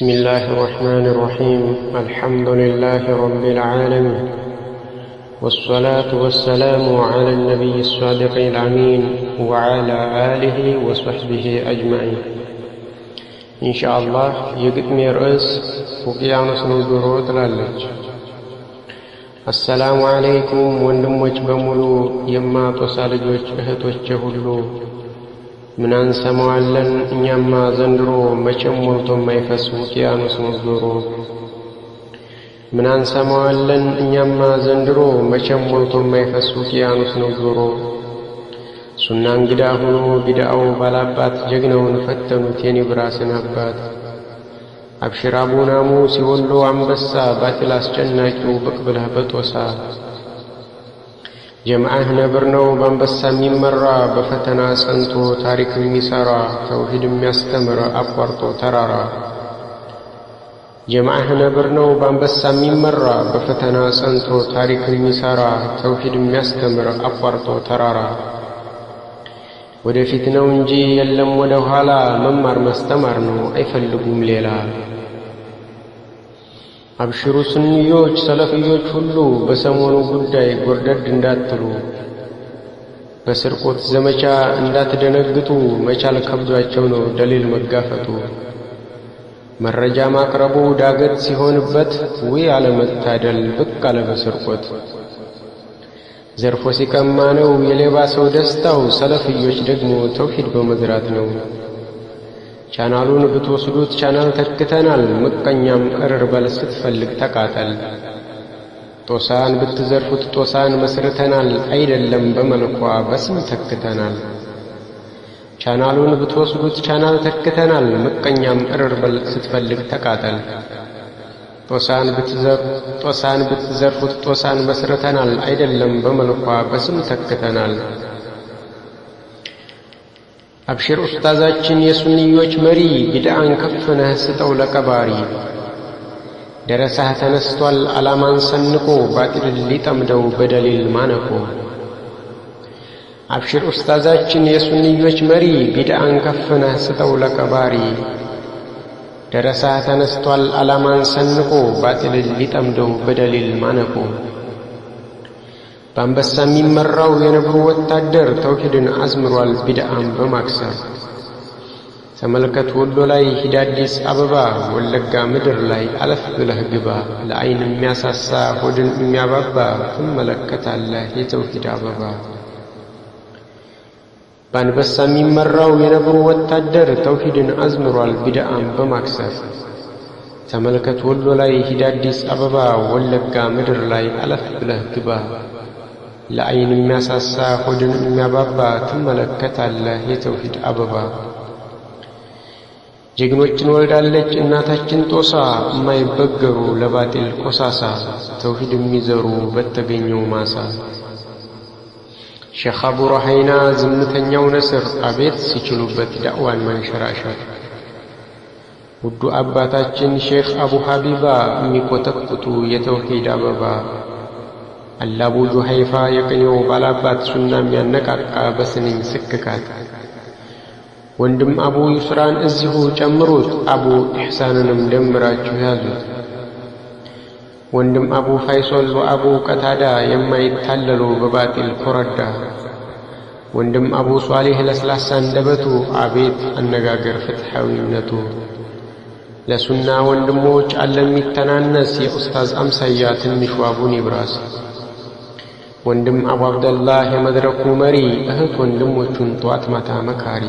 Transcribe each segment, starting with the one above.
بسم الله الرحمن الرحيم الحمد لله رب العالمين والصلاة والسلام على النبي الصادق الأمين وعلى آله وصحبه أجمعين إن شاء الله يقد ميرئس وقيانوس نزدرو تلالج السلام عليكم ወንድሞች በሙሉ يما ልጆች እህቶቼ ሁሉ ምን እንሰማዋለን እኛማ ዘንድሮ መቼም ሞልቶ የማይፈስ ውቅያኖስ ነው ዞሮ። ምን እንሰማዋለን እኛማ ዘንድሮ መቼም ሞልቶ የማይፈስ ውቅያኖስ ነው ዞሮ። ሱና እንግዳ ሆኖ ቢድአው ባላባት ጀግናውን ፈተኑት የኒብራስን አባት። አብሽር አቡናሙ ሲወሎ አንበሳ ባጢል አስጨናቂው ብቅ ብለህ በጦሳ جمع اهنا نبر بن بنبسا ممرا بفتنا سنتو تارك المسارا توحيد ميستمر أقوارتو ترارا اهنا نبر بن بنبسا ممرا بفتنا سنتو تارك المسارا توحيد ميستمر أقوارتو ترارا ودفتنا ونجي يلم ودوهالا ممر مستمر نو أي فلقم ليلا አብሽሩ ስንዮች፣ ሰለፍዮች ሁሉ በሰሞኑ ጉዳይ ጎርደድ እንዳትሉ፣ በስርቆት ዘመቻ እንዳትደነግጡ። መቻል ከብዷቸው ነው ደሊል መጋፈጡ። መረጃ ማቅረቡ ዳገት ሲሆንበት ውይ አለመታደል ብቅ አለ በስርቆት። ዘርፎ ሲቀማ ነው የሌባ ሰው ደስታው፣ ሰለፍዮች ደግሞ ተውሂድ በመዝራት ነው። ቻናሉን ብትወስዱት ቻናል ተክተናል። ምቀኛም እርር በል ስትፈልግ ተቃጠል። ጦሳን ብትዘርፉት ጦሳን መስርተናል። አይደለም በመልኳ በስም ተክተናል። ቻናሉን ብትወስዱት ቻናል ተክተናል። ምቀኛም እርር በል ስትፈልግ ተቃጠል። ጦሳን ብትዘርፉት ጦሳን መስርተናል። አይደለም በመልኳ በስም ተክተናል። አብሽር ኡስታዛችን የሱንዮች መሪ ቢድአን ከፍነህ ስጠው ለቀባሪ ደረሳህ ተነስቷል ዓላማን ሰንቆ ባጢልን ሊጠምደው በደሊል ማነቆ። አብሽር ኡስታዛችን የሱንዮች መሪ ቢድአን ከፍነህ ስጠው ለቀባሪ ደረሳህ ተነስቷል ዓላማን ሰንቆ ባጢልን ሊጠምደው በደሊል ማነቆ። በአንበሳ የሚመራው የነብሩ ወታደር ተውሂድን አዝምሯል ቢድአም በማክሰር ተመልከት ወሎ ላይ ሂድ አዲስ አበባ ወለጋ ምድር ላይ አለፍ ብለህ ግባ ለአይን የሚያሳሳ ሆድን የሚያባባ ትመለከታለህ የተውሂድ አበባ በአንበሳ የሚመራው የነብሩ ወታደር ተውሂድን አዝምሯል ቢድአም በማክሰር ተመልከት ወሎ ላይ ሂድ አዲስ አበባ ወለጋ ምድር ላይ አለፍ ብለህ ግባ ለአይን የሚያሳሳ ሆድን የሚያባባ ትመለከታለህ የተውሂድ አበባ። ጀግኖችን ወልዳለች እናታችን ጦሳ የማይበገሩ ለባጢል ቆሳሳ ተውሂድ የሚዘሩ በተገኘው ማሳ። ሼኽ አቡ ራሃይና ዝምተኛው ነስር አቤት ሲችሉበት ዳዕዋን መንሸራሸር። ውዱ አባታችን ሼኽ አቡ ሐቢባ የሚቆጠቁጡ የተውሂድ አበባ አላቡ ጁሀይፋ የቅኔው ባላባት ሱና የሚያነቃቃ በስንኝ ስክካት ወንድም አቡ ዩስራን እዚሁ ጨምሩት፣ አቡ ኢሕሳንንም ደምራችሁ ያዙት። ወንድም አቡ ፋይሶል ወአቡ ቀታዳ የማይታለሉ በባጢል ኮረዳ ወንድም አቡ ሷሊህ ለስላሳ እንደበቱ አቤት አነጋገር ፍትሐዊነቱ። ለሱና ወንድሞች አለሚተናነስ የኡስታዝ አምሳያ ትንሽ ዋቡን ይብራስ! ወንድም አቡ አብደላህ የመድረኩ መሪ፣ እህት ወንድሞቹን ጠዋት ማታ መካሪ።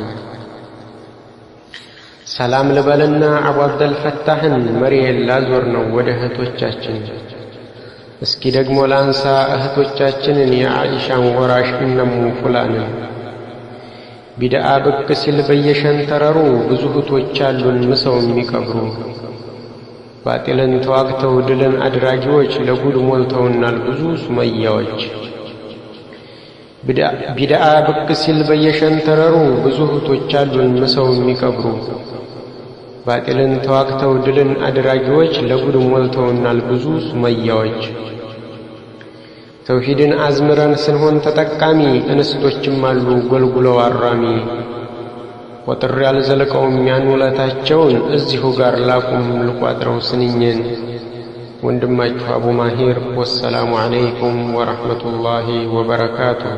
ሰላም ልበልና አቡ አብደልፈታህን መሪዬን ላዞር ነው ወደ እህቶቻችን። እስኪ ደግሞ ላንሳ እህቶቻችንን የአኢሻን ወራሽ እነሙ ፉላንን። ቢድአ ብቅ ሲል በየሸንተረሩ ብዙ እህቶች አሉን ምሰው የሚቀብሩ ባጢልን ተዋግተው ድልን አድራጊዎች ለጉድ ሞልተውናል ብዙ ሱመያዎች። ቢድአ ብቅ ሲል በየሸንተረሩ ብዙ እህቶች አሉን ምሰው የሚቀብሩ። ባጢልን ተዋግተው ድልን አድራጊዎች ለጉድ ሞልተውናል ብዙ ሱመያዎች። ተውሂድን አዝምረን ስንሆን ተጠቃሚ እንስቶችም አሉ ጎልጉለው አራሚ ቆጥሬ ያልዘለቀውም ያን ውለታቸውን እዚሁ ጋር ላቁም ልቋጥረው ስንኝን። ወንድማችሁ አቡ ማሂር ወሰላሙ ዓለይኩም ወረሕመቱላሂ ወበረካቱሁ።